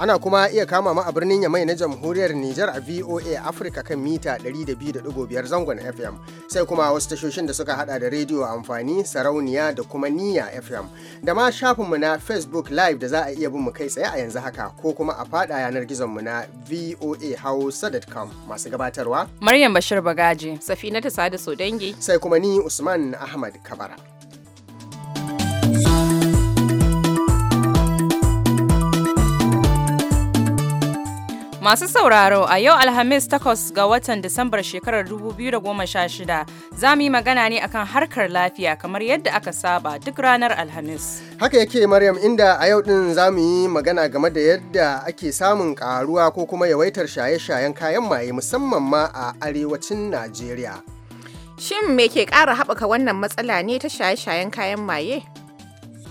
Ana kuma iya kama mu a birnin Yamai na Jamhuriyar Nijar a VOA Africa kan mita 200.5 zangon FM. Sai kuma wasu tashoshin da suka hada da rediyo amfani, sarauniya da kuma niyya FM. Da ma shafinmu na Facebook Live da za a iya bin mu kai tsaye a yanzu haka ko kuma a fada yanar gizonmu na voahausa.com masu gabatarwa. Maryam Bashir Bagaji, Safina ta Sada dangi. Sai kuma ni Usman Ahmad Kabara. Masu sauraro a yau Alhamis takwas ga watan Disambar shekarar 2016 za mu yi magana ne akan harkar lafiya kamar yadda aka saba duk ranar Alhamis. Haka yake Maryam inda a yau din za mu yi magana game da yadda ake samun karuwa ko kuma yawaitar shaye-shayen kayan maye musamman ma a arewacin Najeriya. Shin me ke ƙara haɓaka wannan matsala ne ta shaye-shayen kayan maye?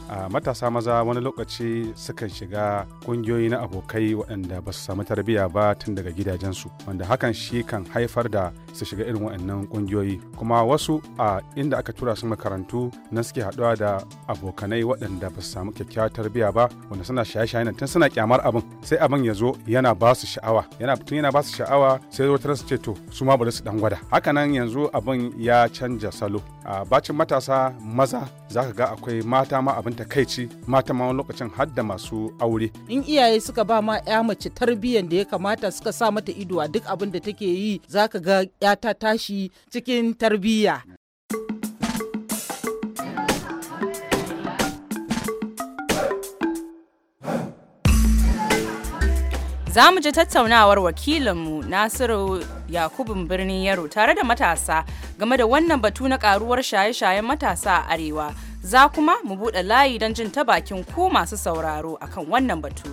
a matasa maza wani lokaci sukan shiga kungiyoyi na abokai waɗanda ba su samu tarbiyya ba tun daga gidajensu wanda hakan shi kan haifar da su shiga irin waɗannan kungiyoyi kuma wasu a inda aka tura su makarantu na suke haɗuwa da abokanai waɗanda ba su samu kyakkyawar tarbiyya ba wanda suna shaye-shaye nan tun suna kyamar abin sai abin ya zo yana ba su sha'awa yana tun yana ba su sha'awa sai zo su ce to su ma bari su ɗan gwada hakanan yanzu abin ya canja salo a bacin matasa maza zaka ga akwai mata ma abin takaici mata ma wani lokacin har masu aure in iyaye suka ba ma ya mace tarbiyyar da ya kamata suka sa mata ido a duk abin da take yi za ka ga ya ta tashi cikin tarbiyya za mu ji tattaunawar wakilinmu nasiru yakubun birnin yaro tare da matasa game da wannan batu na karuwar shaye-shayen matasa a arewa za kuma mu buɗe layi don jin ta bakin ku masu sauraro akan wannan batu.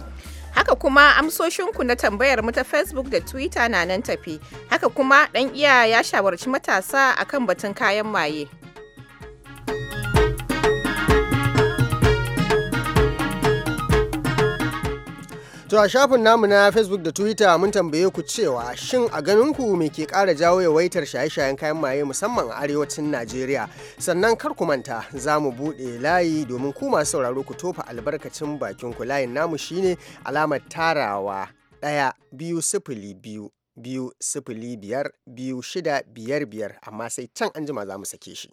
Haka kuma amsoshinku na tambayar mu ta Facebook da Twitter na nan tafi. Haka kuma ɗan iya ya shawarci matasa akan batun kayan maye. To a shafin namu na Facebook da Twitter mun tambaye ku cewa shin a ganin ku me ke kara jawo yawaitar shaye-shayen kayan maye musamman a arewacin Najeriya. Sannan kar ku manta za mu buɗe layi domin ku masu sauraro ku tofa albarkacin bakin ku layin namu shine alamar tarawa ɗaya biyu sifili biyu biyu sifili biyar biyu shida biyar biyar amma sai can anjima za mu sake shi.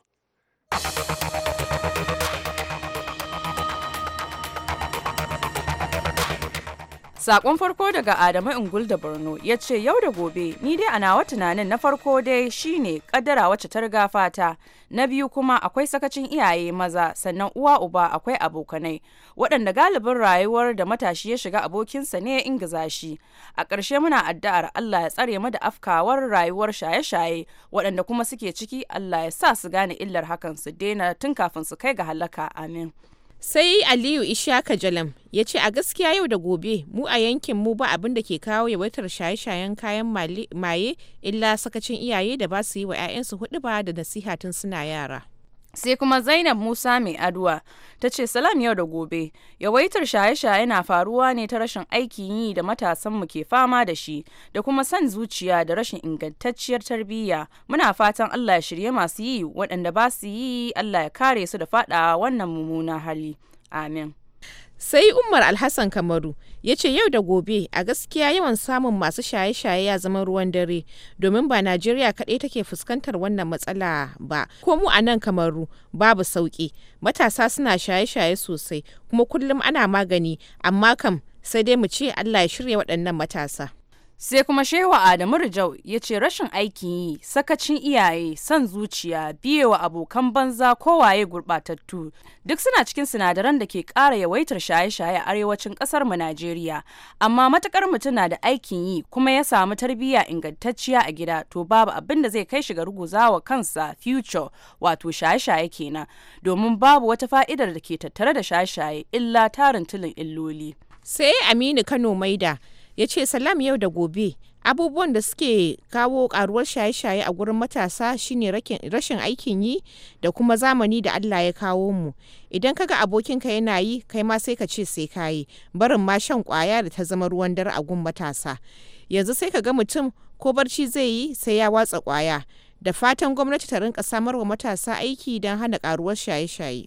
Sakon farko daga Adamu Ingul da Borno ya ce yau da gobe ni dai a nawa tunanin na farko dai shine kaddara wacce ta riga fata. Na biyu kuma akwai sakacin iyaye maza sannan uwa uba akwai abokanai waɗanda galibin rayuwar da matashi ya shiga abokinsa ne ya ingiza shi. A ƙarshe muna addu'ar Allah ya tsare mu da afkawar rayuwar shaye-shaye waɗanda kuma suke ciki Allah ya sa su gane illar hakan su daina tun kafin su kai ga halaka amin. Sai Aliyu Ishaka Jalam ya ce a gaskiya yau da gobe mu a yankin mu ba abin da ke kawo yawaitar shaye-shayen kayan maye illa sakacin iyaye da ba su yi wa 'ya'yansu hudu ba da nasiha tun suna yara. sai kuma zainab musa mai aduwa ta ce salam yau da gobe yawaitar shaye-shaye na faruwa ne ta rashin aikin yi da matasanmu ke fama da shi da kuma san zuciya da rashin ingantacciyar tarbiyya muna fatan allah ya shirye masu yi waɗanda ba su yi allah ya kare su da faɗawa wannan mummunan hali amin sai umar alhassan kamaru ya ce yau da gobe a gaskiya yawan samun masu shaye-shaye ya zama ruwan dare domin ba najeriya kaɗai take fuskantar wannan matsala ba ko mu a nan kamaru babu sauƙi matasa suna shaye-shaye sosai kuma kullum ana magani amma kam sai dai mu ce allah ya shirya waɗannan matasa Sai kuma Shewa Adamu Rijau ya ce rashin aikin yi, sakacin iyaye, son zuciya, biye wa abokan banza kowaye gurbatattu duk suna cikin sinadaran da ke kara yawaitar shaye-shaye a arewacin kasar mu Najeriya. Amma matukar mutum na da aikin yi kuma ya samu tarbiyya ingantacciya a gida to babu abin da zai kai shi ga ruguzawa kansa future wato shaye-shaye kenan domin babu wata fa'idar da ke tattare da shaye-shaye illa tarin tilin illoli. Sai Aminu Kano Maida ya ce salam yau da gobe abubuwan da suke kawo karuwar shaye-shaye a gurin matasa shine rashin aikin yi da kuma zamani da allah ya kawo mu idan kaga abokinka yana yi kai ma sai ka ce sai ka yi barin ma shan kwaya da ta zama ruwan dare a gun matasa yanzu sai ka ga mutum ko barci zai yi sai ya watsa kwaya da fatan gwamnati ta rinka samar wa matasa aiki don hana karuwar shaye-shaye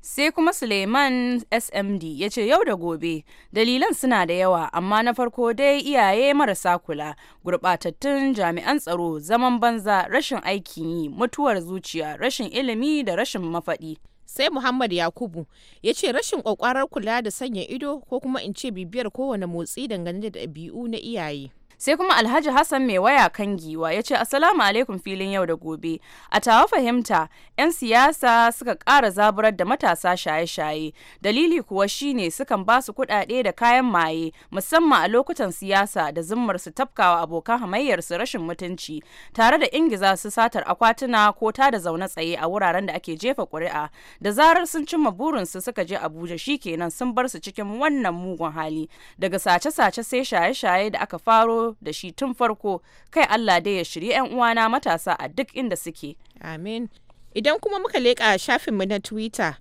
sai kuma suleiman smd ya ce yau da gobe dalilan suna da yawa amma na farko dai iyaye marasa kula gurbatattun jami'an tsaro zaman banza rashin aikin yi mutuwar zuciya rashin ilimi da rashin mafaɗi sai muhammad yakubu ya ce rashin kwakwarar kula da sanya ido ko kuma in ce bibiyar kowane motsi dangane da ɗabi'u na iyaye sai kuma alhaji hassan mai waya kan giwa ya ce asalamu alaikum filin yau da gobe a tawa fahimta 'yan siyasa suka ƙara zaburar da matasa shaye-shaye dalili kuwa shine sukan ba su kudade da kayan maye musamman a lokutan siyasa da zummar su tafkawa abokan hamayyar su rashin mutunci tare da ingiza su satar akwatuna ko ta da zaune tsaye a wuraren da ake jefa kuri'a da zarar sun cimma burinsu suka je abuja shikenan sun bar su cikin wannan mugun hali daga sace-sace sai shaye-shaye da aka faro da shi tun farko kai Allah dai ya shiri 'yan uwana matasa a duk inda suke. Amin. Idan kuma muka leƙa shafinmu na Twitter,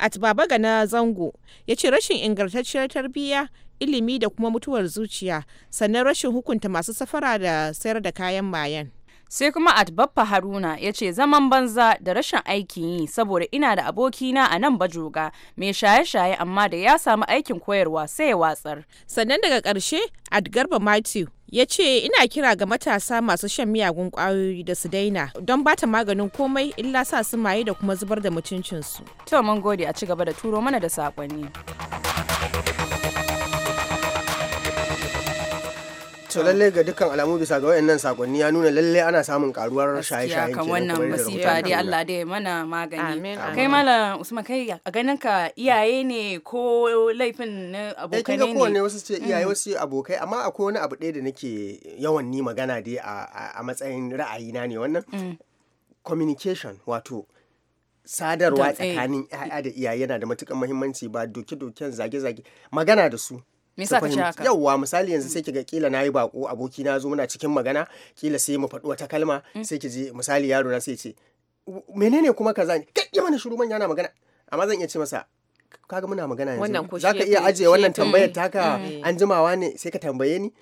at Baba na Zango ya ce rashin ingantacciyar tarbiyya ilimi da kuma mutuwar zuciya sannan rashin hukunta masu safara da sayar da kayan mayan. sai kuma atbaffa haruna ya ce zaman banza da rashin aikin yi saboda ina da abokina a nan bajoga mai shaye-shaye amma da ya samu aikin koyarwa sai ya watsar sannan daga ƙarshe at garba matthew ya ce ina kira ga matasa masu shan miyagun kwayoyi da su daina don ba ta maganin komai illa sa su maye da kuma zubar da mutuncinsu. To mun gode a ci gaba da turo mana da saƙonni. to lalle ga dukkan alamu bisa ga wayannan sakonni ya nuna lalle ana samun karuwar shaye-shaye kan wannan masifa dai Allah dai mana magani kai mala Usman kai a ganin ka iyaye ne ko laifin na eh, abokai ne kowanne wasu ce mm. iyaye wasu abokai amma akwai wani abu ɗaya da nake yawan ni magana dai a matsayin ra'ayina ne wannan mm. communication wato sadarwa tsakanin 'ya'ya da iyaye yana da matukar muhimmanci ba doke-doken zage-zage magana da su me ka haka yawwa misali yanzu mm. sai kiga kila nayi bako aboki na zo muna cikin magana kila sai mu faɗi wata kalma mm. sai ki je misali yaro na sai ce menene kuma kaza ne kai mana shiru manya na magana amma zan iya ce masa kaga muna magana yanzu za ka iya ajiye wannan tambayar taka mm. an jimawa ne sai ka tambaye ni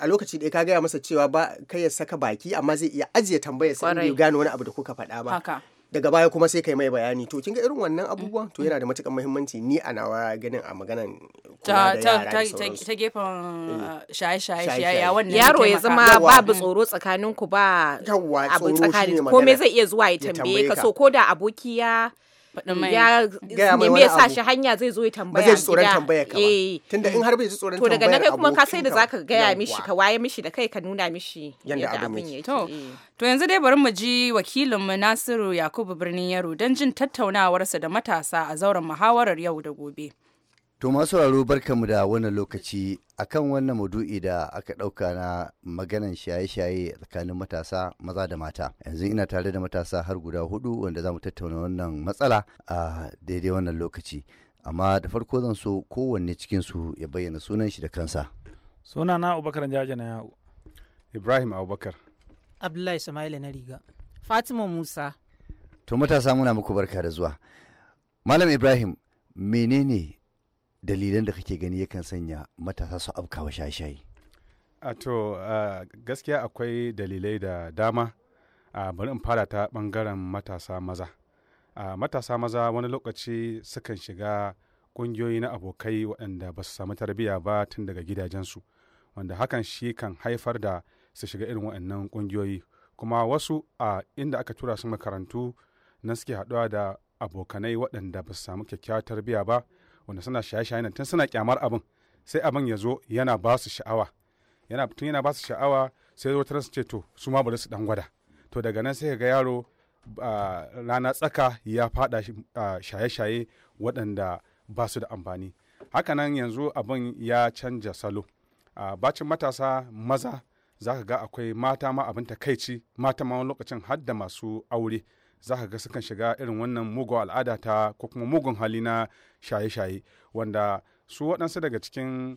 a lokaci ɗaya ka gaya masa cewa ba kai ya saka baki amma zai iya ajiye tambayar sai bai gane wani abu da kuka faɗa ba daga baya kuma sai kai mai bayani to kinga irin wannan mm. abubuwan to yana da matukan muhimmanci ni a nawa ganin a maganan ta gefen eh. ah, shaye-shaye shaye wannan yaro ya zama babu tsoro tsakanin ba abu tsakanin me zai iya zuwa ya tambaye ka so ko da aboki ya Mm, ya nemi ya sa shi hanya zai zo ya tambaya ba zai tsoron tambaya ka ba eh. tunda in har bai ji tsoron tambaya to daga nan kuma ka sai da zaka gaya mishi ka waye mishi da kai ka nuna mishi yanda abin yake to eh. to yanzu dai bari mu ji wakilin mu Nasiru Yakubu Birnin Yaro don jin tattaunawarsa da matasa a zauren muhawarar yau da gobe To masu raro barkamu da wannan lokaci akan wannan madu'i da aka ɗauka na maganan shaye-shaye tsakanin matasa maza da mata. Yanzu ina tare da matasa har guda hudu wanda za mu tattauna wannan matsala a daidai wannan lokaci. Amma da farko zan so kowanne cikinsu ya bayyana sunan shi da kansa. Suna na Abubakar Jaja na yawo. Ibrahim Abubakar. Abdullahi Samaila na riga. Fatima Musa. To matasa muna muku barka da zuwa. Malam Ibrahim menene dalilan da kake gani yakan sanya matasa su afkawa wa shaye A to gaskiya akwai dalilai da dama bari in fara ta bangaren matasa maza. Matasa maza wani lokaci sukan shiga kungiyoyi na abokai waɗanda ba su samu tarbiyya ba tun daga gidajensu wanda hakan shi kan haifar da su shiga irin waɗannan kungiyoyi kuma wasu a inda aka tura su makarantu na suke haɗuwa da abokanai waɗanda ba su samu kyakkyawar tarbiyya ba wanda suna shaye-shaye nan tun suna kyamar abin sai abin ya zo yana ba su sha'awa yana tun yana ba su sha'awa sai wata su ce to su ma bari su dan gwada to daga nan sai ga yaro rana tsaka ya fada shaye-shaye waɗanda ba su da amfani hakanan yanzu abin ya canja salo a bacin matasa maza za ka ga akwai mata ma abin takaici mata ma wani lokacin har da masu aure za ka ga sukan shiga irin wannan mugun al'ada ta ko kuma mugun hali na shaye-shaye wanda su waɗansu daga cikin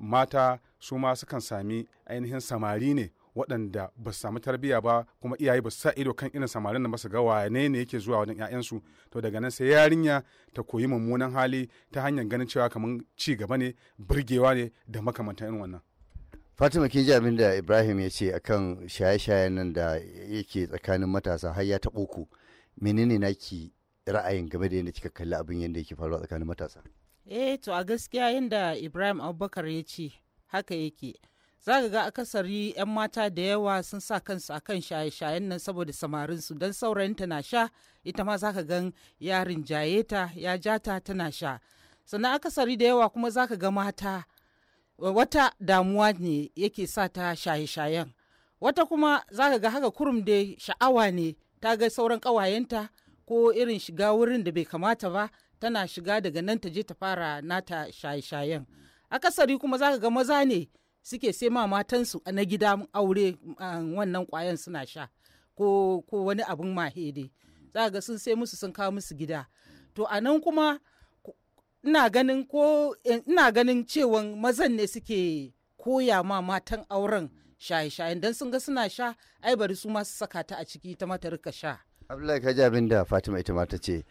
mata su ma sukan sami ainihin samari ne waɗanda ba su samu tarbiyya ba kuma iyaye ba su sa ido kan irin samarin da basu ga wane ne yake zuwa wajen 'ya'yansu to daga nan sai yarinya ta koyi mummunan hali ta hanyar ganin cewa kamar ci gaba ne birgewa ne da makamantan irin wannan fatima kin ji abin da ibrahim ya ce kan shaye-shayen nan da yake tsakanin matasa har ya taɓo ku menene naki ra'ayin game da yadda kika kalli abin yadda yake faruwa tsakanin matasa eh to a gaskiya yadda ibrahim abubakar ya ce haka yake za ka ga akasari 'yan mata da yawa sun sa kansu a kan shaye-shayen nan saboda samarin samarinsu don ta na sha ita ma za ka gan yarin ta ya jata tana sha sannan akasari da yawa kuma za ka ga mata wata damuwa ne yake sa ta shaye-shayen wata kuma za ka ga haka kurum da sha'awa ne ta ga sauran ƙawayenta ko irin shiga wurin da bai kamata ba tana shiga daga nan ta je ta fara nata shaye-shayen akasari kuma za ka ga maza ne suke sai ma matansu na gida aure um, wannan kwayan suna sha ko, ko wani abin mahe dai za ga sun sai musu sun kawo musu gida to a nan kuma ina ganin ko eh, ina ganin cewan mazan ne suke koya ma matan auren shaye shaye don sun ga suna sha ai bari su masu su saka ta a ciki ta mata rika sha abdullahi kaji abin da fatima ita ma ta ce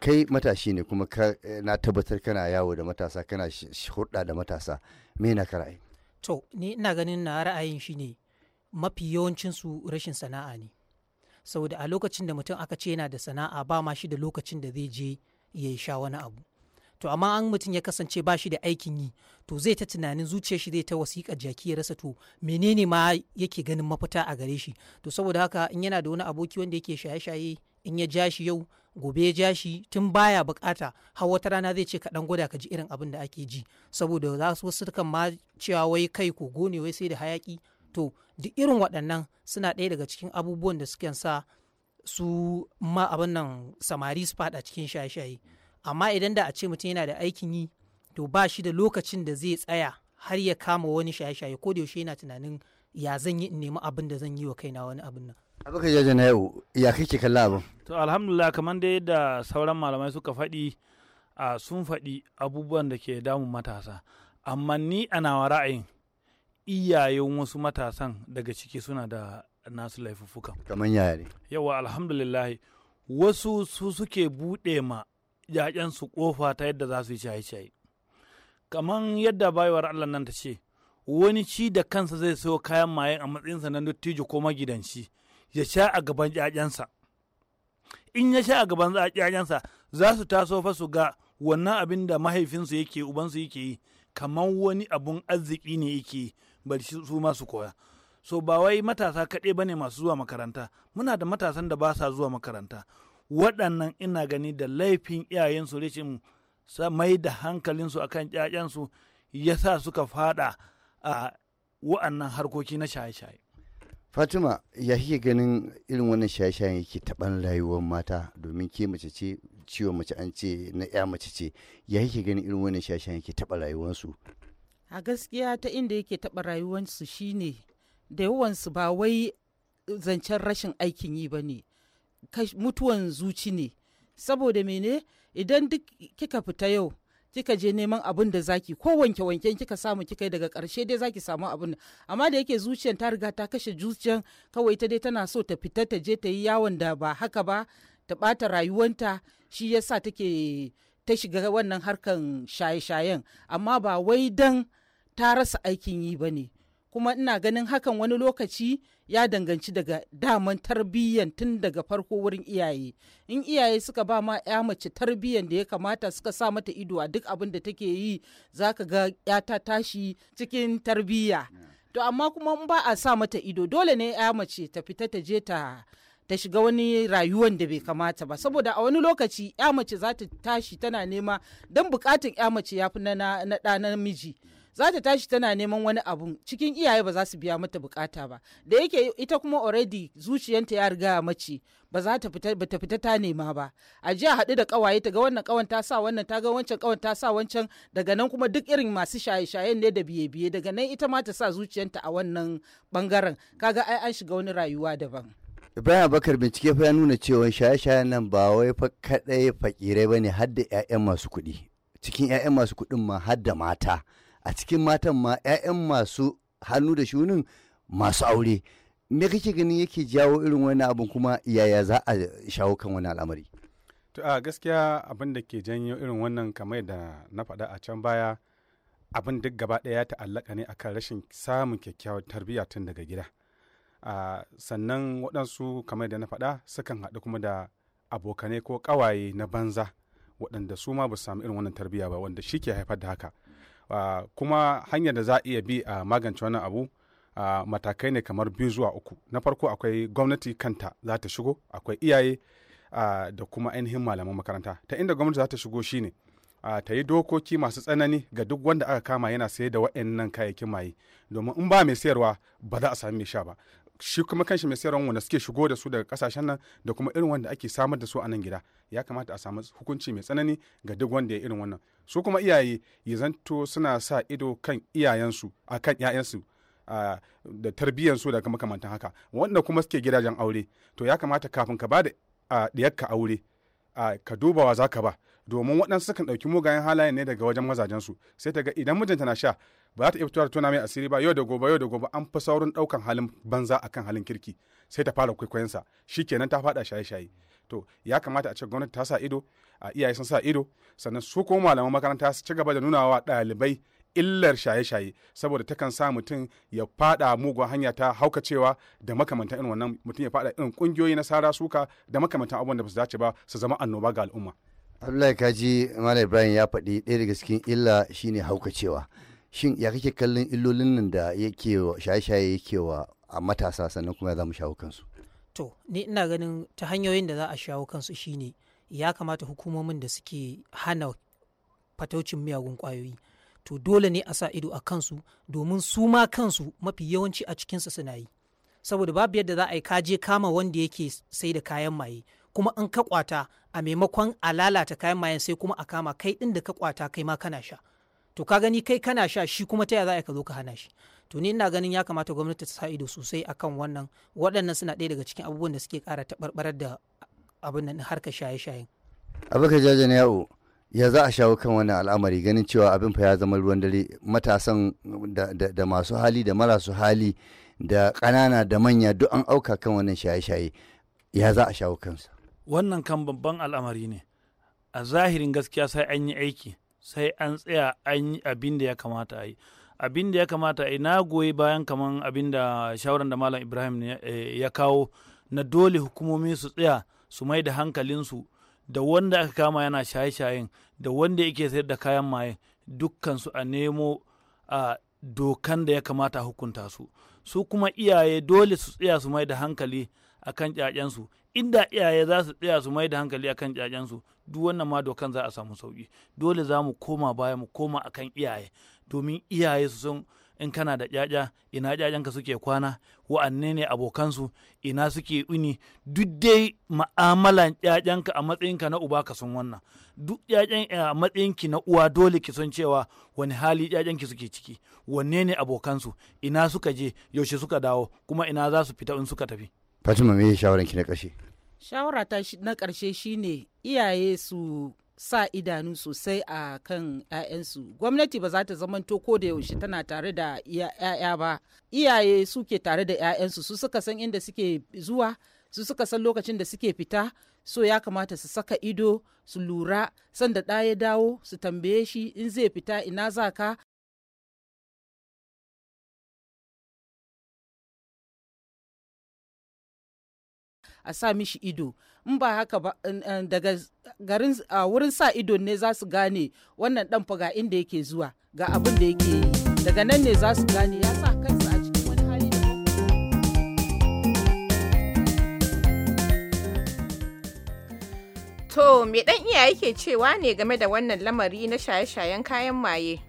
kai matashi ne kuma eh, na tabbatar kana yawo da matasa kana hurɗa da matasa me na ka ra'ayi to ni ina ganin na ra'ayin shi ne mafi yawancin su rashin sana'a ne saboda a lokacin da mutum aka ce yana da sana'a ba ma shi da lokacin da zai je ya sha wani abu to amma an mutum ya kasance ba shi da aikin yi to zai ta tunanin zuciyar shi zai ta wasiƙa jaki ya rasa to menene ma yake ganin mafita a gare shi to saboda haka in yana da wani aboki wanda yake shaye-shaye in ya ja shi yau gobe ya ja shi tun baya bukata har wata rana zai ce kaɗan gwada ka ji irin abin da ake ji saboda za su wasu kan ma cewa wai kai ko gone wai sai da hayaki to duk irin waɗannan suna ɗaya daga cikin abubuwan da suke sa su ma abin nan samari su faɗa cikin shaye-shaye amma idan da a ce mutum yana da aikin yi to ba shi da lokacin da zai tsaya har ya kama wani shaye-shaye ko da yaushe yana tunanin ya zan yi in nemi abin da zan yi wa kaina wani abin nan abuka jaje na yau ya kake kalla abin to alhamdulillah kamar da sauran malamai suka faɗi a sun faɗi abubuwan da ke damun matasa amma ni a nawa ra'ayin iyayen wasu matasan daga ciki suna da nasu laifuffukan kamar yaya ne yawa alhamdulillah wasu su suke buɗe ma su ƙofa ta yadda za su yi shaye-shaye kamar yadda bayuwar allah nan ta ce wani ci da kansa zai sayo kayan maye a matsayinsa na dattijo ko magidanci ya sha a gaban ƴaƴansa in ya sha a gaban ƴaƴansa za su taso fa su ga wannan abin da mahaifinsu yake ubansu yake yi kamar wani abun arziki ne yake bari su su koya so ba wai matasa kaɗai ba ne masu zuwa makaranta muna da matasan da ba sa zuwa makaranta waɗannan ina gani da laifin iyayensu rashin mai da hankalinsu kan ƴaƴansu ya sa suka fada a wa'annan harkoki na shaye-shaye. Fatima ya kike ganin irin wannan shaye-shayen yake taɓan rayuwar mata domin ke mace ce ciwon mace an ce na ya mace ce ya kike ganin irin wannan shaye-shayen yake taɓa rayuwarsu. A gaskiya ta inda yake taɓa rayuwarsu shine da yawansu ba wai zancen rashin aikin yi ba ne mutuwan zuci ne saboda mene idan duk kika fita yau kika je neman abin da zaki ko wanke wanken kika samu kika daga karshe dai zaki samu abin amma da yake zuciyan ta riga ta kashe zuciyan kawai ta dai tana so ta fita ta je ta yi yawon da ba haka ba ta bata rayuwanta shi yasa take ta shiga wannan harkan shaye-shayen amma ba wai dan ta rasa aikin yi ba ne kuma ina ganin hakan wani lokaci ya danganci daga daman tarbiyyan tun daga farko wurin iyaye in iyaye suka ba ma ya mace tarbiyyan da ya kamata suka sa mata ido a duk abin da take yi za ka ga ya ta tashi cikin tarbiyya to amma kuma in ba a sa mata ido dole ne ya mace ta fita ta je ta ta shiga wani rayuwan da bai kamata ba saboda a wani lokaci ya mace za ta tashi tana nema don bukatun ya mace ya fi na ɗa namiji miji za ta tashi tana neman wani abu cikin iyaye ba za su biya mata bukata ba da yake ita kuma already zuciyanta ya riga mace ba za ta fita ba ta fita ta nema ba a jiya haɗu da kawaye ta ga wannan kawan ta sa wannan ta ga wancan kawan ta sa wancan daga nan kuma duk irin masu shaye-shayen ne da biye-biye daga nan ita ma ta sa zuciyanta a wannan bangaren kaga ai an shiga wani rayuwa daban Ibrahim Bakar bincike fa ya nuna cewa shaye-shayen nan ba wai fa kadai fakirai bane har da 'ya'yan masu kuɗi cikin 'ya'yan masu kuɗin ma har da mata a cikin matan ma 'ya'yan masu hannu da shunin masu aure me kake ganin yake jawo irin wani abin kuma yaya za a shawo kan wani al'amari to a gaskiya abin da ke janyo irin wannan kamar da na faɗa a can baya abin duk gaba ɗaya ya ta'allaka ne akan rashin samun kyakkyawar tarbiyya tun daga gida sannan waɗansu kamar da na faɗa sukan haɗu kuma da abokanai ko ƙawaye na banza waɗanda su ma ba su samu irin wannan tarbiyya ba wanda shi ke haifar da haka kuma hanyar da za a iya bi a magance wannan abu matakai ne kamar biyu zuwa uku na farko akwai gwamnati kanta za ta shigo akwai iyaye da kuma ainihin malaman makaranta ta inda gwamnati za ta shigo shine ta yi dokoki masu tsanani ga duk wanda aka kama yana sayar da waɗannan kayayyakin maye domin in ba mai sayarwa ba za a sami mai sha ba shi kuma kanshi mai sayarwa wanda suke shigo da su daga kasashen nan da kuma irin wanda ake samar da su a nan gida ya kamata a samu hukunci mai tsanani ga duk wanda ya irin wannan su kuma iyaye ya zanto suna sa ido kan iyayensu a kan 'ya'yansu da tarbiyyansu da kamantan haka wanda kuma suke gidajen aure to ya kamata kafin ka ba da ɗiyarka aure ka duba wa za ka ba domin waɗansu sukan ɗauki mugayen halayen ne daga wajen mazajensu sai ta ga idan mijinta na sha ba za ta iya fitowa tuna mai asiri ba yau da gobe yau da gobe an fi saurin daukan halin banza akan halin kirki sai ta fara kwaikwayonsa kenan ta fada shaye-shaye to ya kamata a ce gwamnati ta sa ido a iyaye sun sa ido sannan su kuma malaman makaranta su ci gaba da nuna wa ɗalibai illar shaye-shaye saboda takan sa mutum ya fada mugun hanya ta haukacewa da makamantan irin wannan mutum ya fada irin kungiyoyi na sara suka da makamantan abubuwan da ba su dace ba su zama annoba ga al'umma abdullahi kaji malam ibrahim ya faɗi ɗaya daga cikin illa shine haukacewa shin ya kake kallon illolin nan da yake wa shaye-shaye yake wa a matasa sannan kuma ya mu shawo kansu to ni ina ganin ta hanyoyin da za a shawo kansu shine ya kamata hukumomin da suke hana fataucin miyagun kwayoyi to dole ne a sa ido a kansu domin su ma kansu mafi yawanci a cikinsu suna yi saboda babu yadda za a yi kaje kama wanda yake sai da kayan maye kuma in ka kwata a maimakon a lalata kayan mayen sai kuma a kama kai din da ka kwata kai ma kana sha to ka gani kai kana sha shi kuma ta za ka zo ka hana shi to ni ina ganin ya kamata gwamnati ta sa ido sosai akan wannan waɗannan suna ɗaya daga cikin abubuwan da suke ƙara taɓarɓarar da abin nan harka shaye-shayen abubakar jajen yawo ya za a shawo kan wannan al'amari ganin cewa abin fa ya zama ruwan dare matasan da, masu hali da marasu hali da ƙanana da manya duk an auka kan wannan shaye-shaye ya za a shawo kansa wannan kan babban al'amari ne a zahirin gaskiya sai an yi aiki sai an tsaya an yi abin da ya kamata a yi abin da ya kamata a yi na goyi bayan kaman abin da shawaran da malam ibrahim eh, ya kawo na dole hukumomi su tsaya su mai da hankalinsu da wanda aka kama yana shaye-shayen da wanda yake sayar da kayan maye dukkan su a nemo a dokan da ya kamata hukunta su su kuma iyaye dole su tsaya su mai da hankali akan ƴaƴansu inda iyaye za su tsaya su mai da hankali akan ƴaƴansu duk wannan ma dokan za a samu sauki dole za mu koma baya mu koma akan iyaye domin iyaye su sun in kana da ƴaƴa ina ƴaƴanka suke kwana wa'anne ne abokansu ina suke uni duk dai ma'amalan ƴaƴanka a matsayinka na uba ka sun wannan duk ƴaƴan eh, a matsayinki na uwa dole ki san cewa wani hali ƴaƴanki suke ciki wanne ne abokansu ina suka je yaushe suka dawo kuma ina za su fita in suka tafi fatima me shawaran ki na kashe. shawara ta na ƙarshe shine iyaye su sa idanu sosai a kan 'ya'yansu gwamnati ba za ta zamanto ko da yaushe tana tare da 'ya'ya ba iyaye suke tare da 'ya'yansu su suka san inda suke zuwa su suka san lokacin da suke fita so ya kamata su saka ido su lura sanda ɗaya dawo su tambaye shi in zai fita ina za ka a sa mishi ido in ba haka ba eh, daga garin wurin sa ido ne za su gane wannan dan faga inda yake zuwa ga abin da yake yi daga nan ne za su gane ya sa kansa a cikin wani hali da To, me dan iyaye ke cewa ne game da wannan lamari na shaye-shayen kayan maye?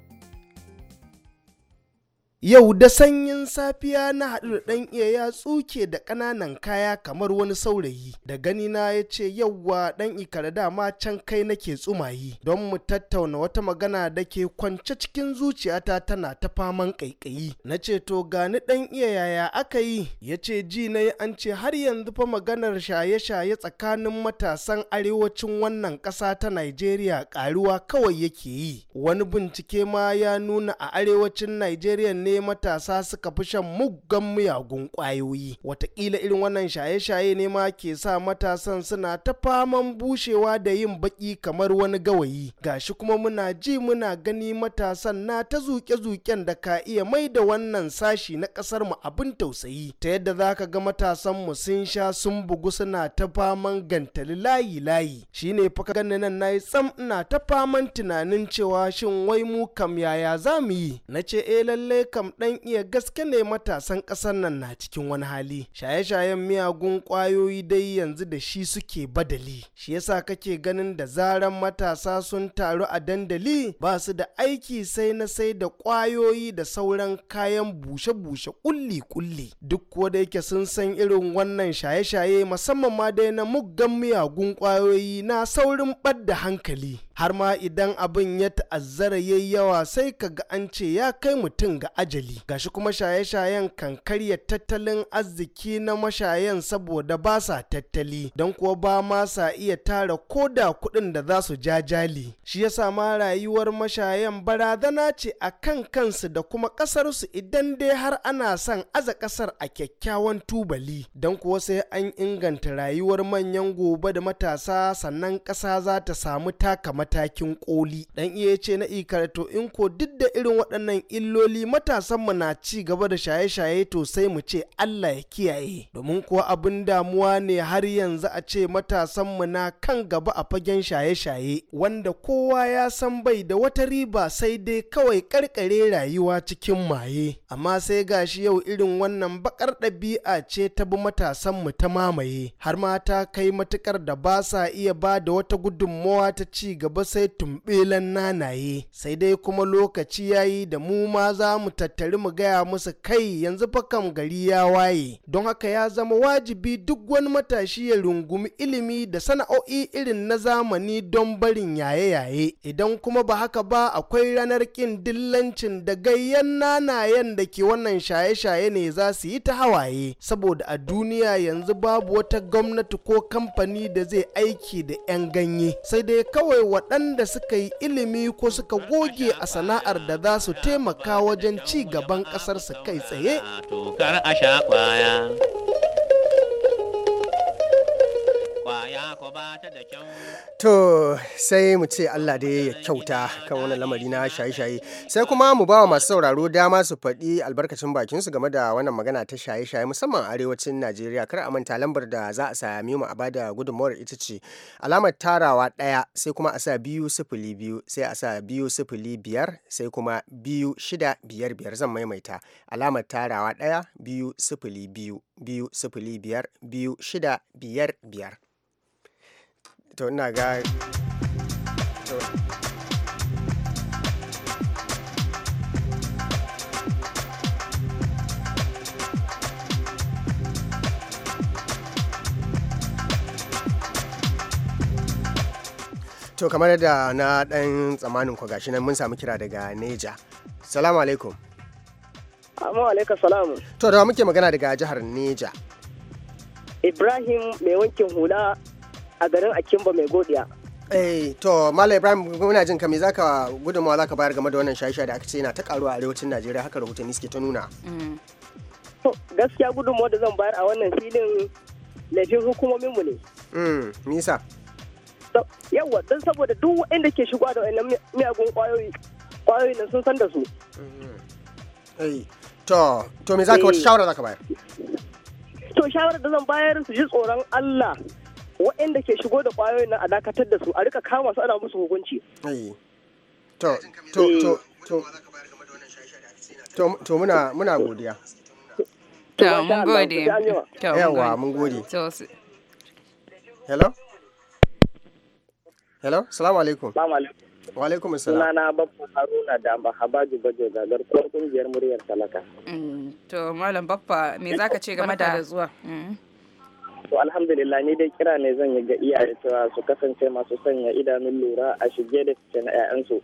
Yau da sanyin safiya na haɗu da ɗan iya ya tsuke da ƙananan kaya kamar wani saurayi. Da ganina ya ce yauwa ɗan ikara dama can kai nake tsumayi don mu tattauna wata magana da ke kwance cikin zuciyata tana ta faman ƙaiƙayi. Na ce to gani ɗan iya yaya aka yi? Ya ce ji na yi an ce har yanzu fa maganar shaye-shaye tsakanin matasan arewacin wannan ƙasa ta Najeriya ƙaruwa kawai yake yi. Wani bincike ma ya nuna a arewacin Najeriya ne ne matasa suka fi shan muggan miyagun ƙwayoyi watakila irin wannan shaye-shaye ne ma ke sa matasan suna ta faman bushewa da yin baki kamar wani gawayi gashi kuma muna ji muna gani matasan na ta zuke-zuken da ka iya mai da wannan sashi na ƙasar mu abin tausayi ta yadda za ka ga matasan mu sun sha sun bugu suna ta faman gantali layi-layi shine fa ka gani nan nayi tsam ina ta faman tunanin cewa shin wai mu kam yaya za mu yi na ce eh lalle kam kam ɗan iya gaske ne matasan ƙasar nan na cikin wani hali shaye-shayen miyagun ƙwayoyi dai yanzu da shi suke badali shi yasa kake ganin da zaran matasa sun taru a dandali ba su da aiki sai na sai da ƙwayoyi da sauran kayan bushe-bushe ƙulli-ƙulli. duk ko da yake sun san irin wannan shaye-shaye musamman ma dai na muggan miyagun ƙwayoyi na saurin ɓadda hankali har ma idan abin ya ta'azzara yayi yawa sai kaga an ce ya kai mutum ga ajali ga shi kuma shaye-shayen kan karya tattalin arziki na mashayan saboda ba sa tattali don kuwa ba ma sa iya tara koda kuɗin da za su jajali shi yasa ma rayuwar mashayan barazana ce a kan kansu da kuma ƙasarsu idan dai har ana son aza ƙasar a kyakkyawan tubali don kuwa sai an inganta rayuwar manyan gobe da matasa sannan ƙasa za ta samu takamaiman matakin koli dan iya ce na ikarato in ko duk da irin waɗannan illoli matasan mu na ci gaba da shaye-shaye to sai mu ce Allah ya kiyaye domin kuwa abin damuwa ne har yanzu a ce matasan mu na kan gaba a fagen shaye-shaye wanda kowa ya san bai da wata riba sai dai kawai karkare rayuwa cikin maye amma sai gashi yau irin wannan bakar ɗabi'a ce ta bi mu ta mamaye har ma ta kai matukar da ba sa iya ba da wata gudunmawa ta ci gaba gaba sai tumbelan nanaye sai dai kuma lokaci yayi da mu ma za mu tattari mu gaya musu kai yanzu fa kam gari ya waye don haka ya zama wajibi duk wani matashi ya rungumi ilimi da sana'o'i irin na zamani don barin yaye-yaye idan kuma ba haka ba akwai ranar kin dillancin da gayyan nanayen da ke wannan shaye-shaye ne za su yi ta hawaye saboda a duniya yanzu babu wata gwamnati ko kamfani da zai aiki da 'yan ganye sai dai kawai waɗanda suka yi ilimi ko suka goge a sana'ar da za su taimaka wajen ci gaban ƙasar su kai tsaye. To sai mu ce Allah dai ya kyauta kan wani lamari na shaye-shaye. Sai kuma mu ba wa masu sauraro dama su faɗi albarkacin bakinsu game da wannan magana ta shaye-shaye musamman arewacin Najeriya. Kar a manta lambar da za a sami mu a bada gudunmawar ita ce alamar tarawa ɗaya sai kuma a sa biyu sifili biyu sai a sa biyu sifili biyar sai kuma biyu shida biyar biyar zan maimaita alamar tarawa ɗaya biyu sifili biyu biyu sifili biyar biyu shida biyar biyar. to ina ga to kamar da na dan tsamanin ku gashi nan mun samu kira daga neja salamu alaikum amma alaikum salamu to da muke magana daga jihar neja ibrahim mai wankin hula a garin Akimba mai godiya. Eh, to Malam Ibrahim muna jin ka me zaka gudunmawa zaka bayar game da wannan shaye da aka ce yana ta karuwa a arewacin Najeriya haka rahotanni suke ta nuna. Mm. To gaskiya gudunmawa da zan bayar a wannan filin laifin hukumominmu ne. Mm, nisa. Yawwa don saboda duk waɗanda ke shigowa da wannan miyagun kwayoyi kwayoyi nan sun san da su. Mm-hmm. Eh, to, to me zaka wata eh. shawara zaka bayar? To shawara da zan bayar su ji tsoron Allah waɗanda ke shigo da ƙwayoyin nan a dakatar da su a rika kama su ana musu hukunci. To, to, to, to, to, muna, muna godiya. To, mun gode. Yawa, mun gode. Hello? Hello, salamu alaikum. Salamu alaikum. Wa alaikum salam. na Baffa Haruna da Habaju Bajo da garkuwar kungiyar muryar talaka. Mm, to, Malam Baffa, me zaka ce game da zuwa? Mm. To alhamdulillah ni dai kira ne zan yi ga iyaye cewa su kasance masu sanya idanun lura a shige da fice na 'ya'yansu.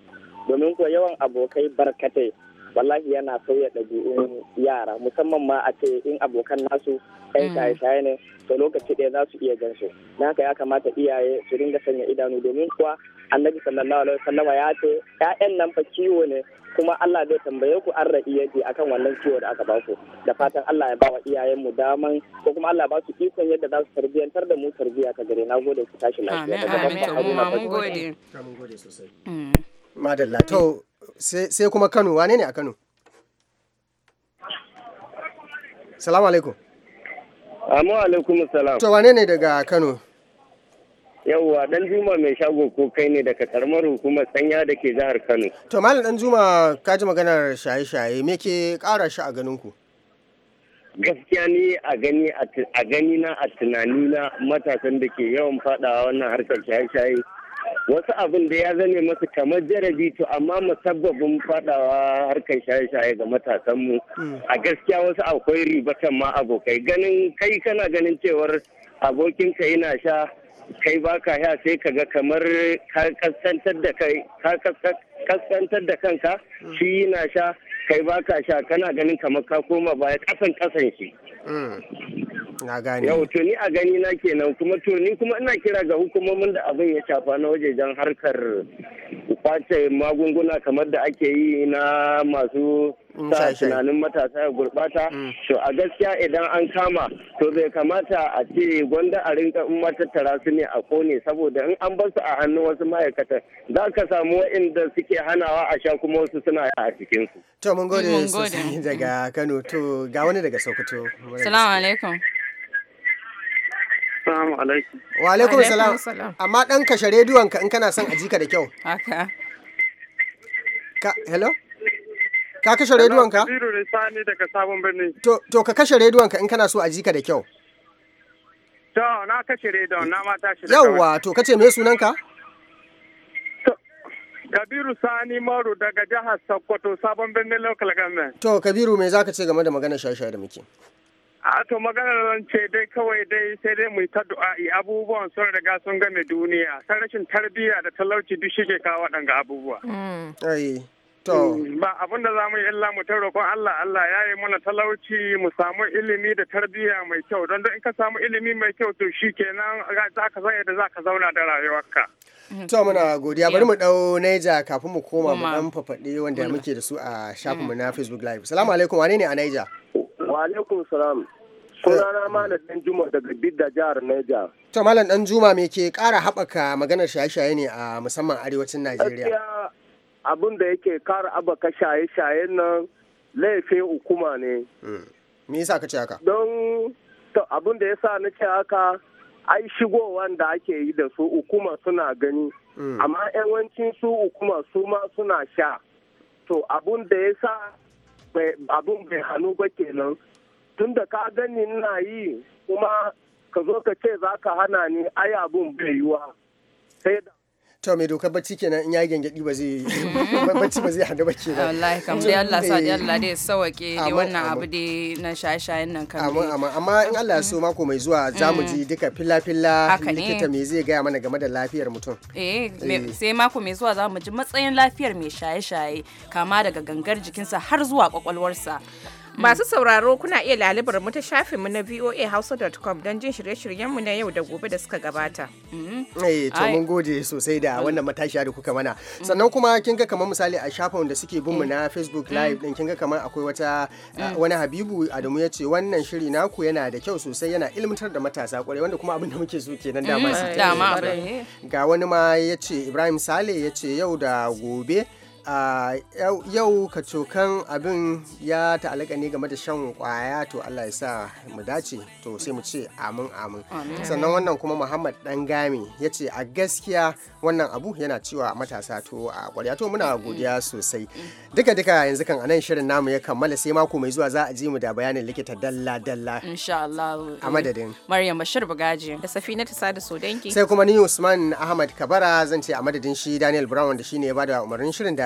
Domin kuwa yawan abokai barkatai wallahi yana sauya ɗabi'un yara musamman ma a ce in abokan nasu ɗan mm. shaye-shaye ne to lokaci ɗaya za su iya gansu. Na haka ya kamata iyaye su dinga sanya idanu domin kuwa annabi sallallahu alaihi wasallama ya ce ƴaƴan nan fa kiwo ne kuma Allah zai tambaye ku an raɗi yake akan wannan kiwo da aka ba ku da fatan Allah ya ba wa iyayen mu daman ko kuma Allah ba su ikon yadda za su tarbiyantar da mu tarbiya ta gare na gode ku tashi lafiya daga babban mun gode mun gode sosai mm. madalla to sai kuma Kano wane ne a Kano salamu alaikum Amu alaikum salam. To wane ne daga Kano? yauwa dan juma mai shago ko kai ne daga karamar hukumar sanya da ke jihar kano to malam dan juma ka ji maganar shaye-shaye me ke kara shi a ganin ku gaskiya ne a gani a gani na a tunani na matasan da ke yawan fadawa wannan harkar shaye-shaye wasu abin da ya zame masu kamar jarabi to amma musabbabin fadawa harkar shaye-shaye ga matasanmu hmm. a gaskiya wasu akwai ribatan ma abokai ganin kai kana ganin cewar abokinka yana sha kai baka ya sai ka ga kamar ka kaskantar da kanka mm. shi na sha kai baka sha kana ganin kamar ka koma baya kasan kasan shi mm. na gani yau to a gani na kenan kuma to kuma ina kira ga hukumomin da abin ya shafa na wajejen harkar kwace magunguna kamar da ake yi na masu sa tunanin matasa ya gurbata mm. to a gaskiya idan an kama to bai kamata a ce gwanda a rinka in matattara su ne a kone saboda in an bar su a hannun wasu ma'aikatan za ka samu inda suke hanawa a sha kuma wasu suna a cikin su to mun gode sosai daga Kano to ga wani daga Sokoto salamu alaikum Assalamu alaikum. Wa alaikum salam. Amma ɗan kashe ka in kana son a jika da kyau. Haka. Ka, hello? Ka kashe rediyonka? Biro ne sani daga sabon birni. To, ka kashe rediyonka in kana so a ji ka da kyau. To, na kashe rediyon, na ma tashi da Yawwa, to kace me sunanka? Kabiru Sani Maru daga jihar Sokoto, sabon birni local government. To, Kabiru me zaka ce game da maganar shasha da muke? A to magana nan ce dai kawai dai sai dai mu ta du'a'i abubuwan sun riga sun game duniya. Sai rashin tarbiyya da talauci duk shi ke kawo waɗanga abubuwa. Mm. Mm, ba abin da za mu yi illa mu ta roƙon Allah Allah ya yi mana talauci mu samu ilimi da tarbiyya mai kyau don in ka samu ilimi mai kyau to shi kenan za ka zai da za ka zauna da rayuwarka. To muna godiya bari mu dau Naija kafin mu koma mu dan fafaɗe wanda muke da su a mm. shafinmu na Facebook Live. Salamu alaikum wane ne a Naija? Wa alaikum salam. Sunana eh. Malam Dan Juma daga Bidda jihar Naija. To Malam Dan Juma me ke ƙara haɓaka maganar shaye-shaye ne a musamman arewacin Najeriya? abin da yake kara abaka shaye-shaye nan laifin hukuma ne hmm. me yasa ka ce haka don abin da sa na ce haka ai shigowan da ake yi da su hukuma suna gani hmm. amma yawancin su hukuma su ma suna sha to abun da ya sa abun bai hannu ba kenan tun da ka gani na yi kuma ka zo ka ce za ka hana ni ai abun bai sai da to mai dokar bacci kenan in ya gyangyaɗi ba zai mm. bacci ba zai hannu ba kenan wallahi kam dai Allah sa dai Allah dai sawake dai wannan abu dai na shaye nan kan amma amma in Allah ya so mm. mako mai zuwa za mm. ji duka filla likita me zai gaya mana game da lafiyar mutum eh, eh. sai mako mai zuwa za ji matsayin lafiyar mai shaye-shaye kama daga gangar jikinsa har zuwa kwakwalwarsa Masu sauraro kuna iya lalibar mu ta shafinmu na voahausa.com don jin shirye-shiryenmu na yau da gobe da suka gabata. Mm-hmm. Eh, to mun gode sosai da mm. wannan matashiya da kuka mana. Mm. Sannan kuma kin ga kamar misali a shafin da suke bin mu mm. na Facebook Live din kin ga kamar akwai wata eh, wani Habibu Adamu ya ce wannan shiri naku yana da kyau sosai yana ilmantar da matasa kwarai wanda kuma abin da muke so kenan dama su. Ga wani ma ya ce Ibrahim Sale ya ce yau da gobe a yau cokan abin ya ta'alaka ne game da shan kwaya to Allah ya sa mu dace to sai mu ce amin amin sannan wannan kuma Muhammad dan gami ya ce a gaskiya wannan abu yana cewa matasa to a kwarya to muna godiya sosai duka duka yanzu kan anan shirin namu ya kammala sai mako mai zuwa za a ji mu da bayanin likita dalla dalla insha Allah a madadin Maryam Bashir Bugaji da Safina ta sada so danki. sai kuma ni Usman Ahmad Kabara zan ce a madadin shi Daniel Brown da shine ya bada umarnin shirin da